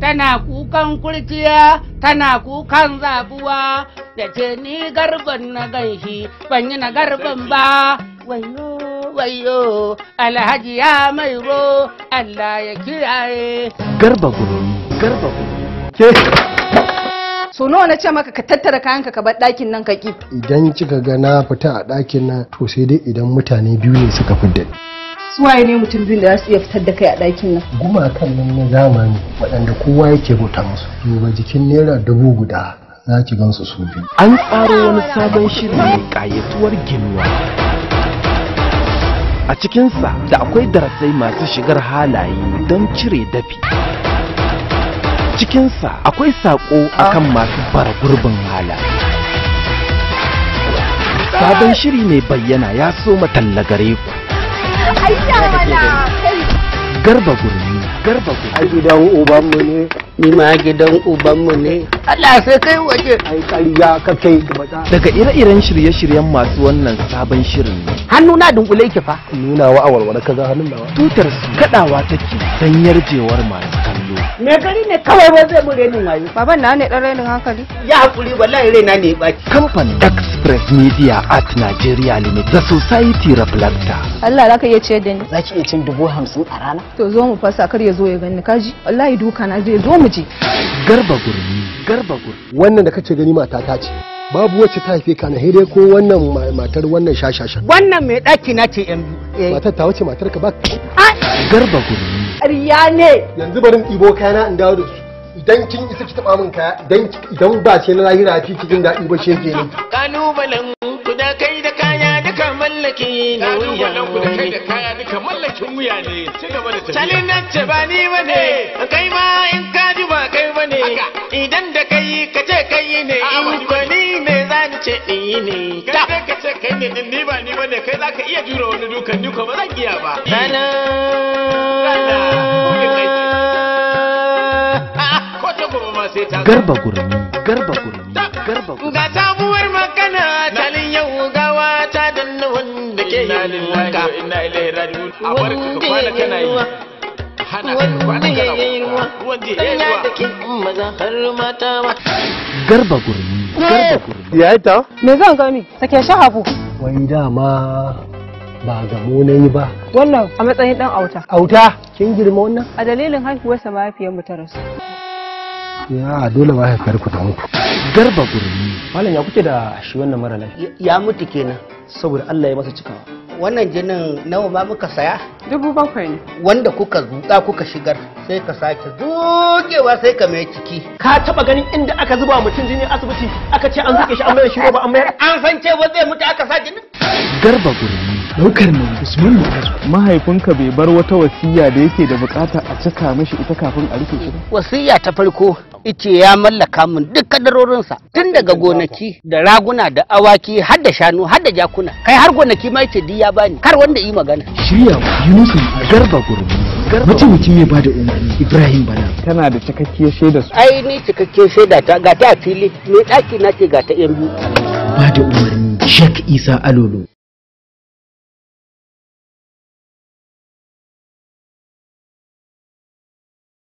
tana kukan kurciya tana kukan zabuwa da ce ni garban na ganshi ban yi na garban ba wayo wayo alhaji ya mairo Allah ya kiyaye garba gurumi garba ke so nawa na ce maka ka tattara kayanka ka bar ɗakin nan ka ki idan kika ga na fita a ɗakin nan to sai dai idan mutane biyu ne suka fidda ni suwaye ne mutum biyun da za su iya fitar da kai a ɗakin nan gumakan nan na zamani waɗanda kowa yake bauta musu duba jikin naira dubu guda za ki gansu su biyu an tsaro wani sabon shirin mai ƙayatuwar ginuwa a cikinsa da akwai darasai masu shigar halaye don cire dafi cikinsa akwai saƙo akan masu bara gurbin halaye sabon shiri mai bayyana ya so matallagare ku garba gurmi garba gurmi a gidan ubanmu ne ni ma gidan ubanmu ne Allah sai kai waje ai kariya ka kai daga ire-iren shirye-shiryen masu wannan sabon shirin ne hannu na dunkule ki fa nuna wa awalwala kaza hannun nawa tutar su kadawa take sanyar jewar masu me gari ne kawai ba zai mu renin wayo baban na ne dan renin hankali ya hakuri wallahi raina ne ya baki kamfanin express media at nigeria limited the society reflector Allah zaka iya ce da ni zaki iya cin dubu hamsin a rana to zo mu fasa kar ya zo ya gani kaji wallahi duka na zai zo mu je garba gurmi garba gurmi wannan da kace gani mata ta ce babu wacce ta haife ka na hede ko wannan matar wannan shashasha. wannan mai daki na ce yan eh. matar ta wacce matar ka ba garba gurmi ƙarya ne yanzu barin ɗibo kayana in dawo da su idan kin isa ki taɓa min kaya idan idan ba ce na lahira fi cikin jin daɗi ba ce ke ne kalubalen ku da kai da kaya duka mallake ni wuya kalubalen ku da kai da kaya duka mallakin wuya ne ci gaba da tafiya nan ce ba ni bane kai ma in ka ji ba kai bane idan da kai ka ce kai ne in ko ni ne zan ce ni ne ta ka ce kai ne din ni ba ni bane kai zaka iya jure wani dukan ni ko ba zan iya ba garba gurmi garba gurmi garba gurmi ga sabuwar makana talin yau gawa ta danna wanda ke yi wanka kwana kana yi ruwa wanda ya yi ruwa dan ya take maza har mata ma garba gurmi garba gurmi ya ta me zan gani sake shahabu wai dama ba gamo na yi ba. Wannan a matsayin dan auta. Auta? Kin girma wannan? A dalilin haihuwarsa mahaifiyar mu ta rasu. ya dole mahaifiyar ku ta muku. garba gurbi malam ya kuke da shi wannan mara lafiya ya mutu kenan saboda Allah ya masa cikawa wannan jinin nawa ba muka saya dubu bakwai ne wanda kuka zuka kuka shigar sai ka sake zuƙewa sai ka mai ciki ka taba ganin inda aka zuba mutum jini asibiti aka ce an zuke shi an mayar shi ba an mayar an san cewa zai mutu aka sa jinin garba gurbi daukar mai usman mahaifinka bai bar wata wasiya da yake da bukata a cika mashi ita kafin a rufe shi wasiya ta farko ice ya mallaka mun duk kadarorinsa tun daga gonaki da raguna da awaki har da shanu har da jakuna kai har gonaki ma ice diya bani har wanda yi magana shirya yunusu garba gurbi mutum mai bada umarni ibrahim bala tana da cikakkiyar shaida su ai ni cikakkiyar shaida ta ga ta fili mai daki na ce ga ta yan biyu bada umarni shek isa alolo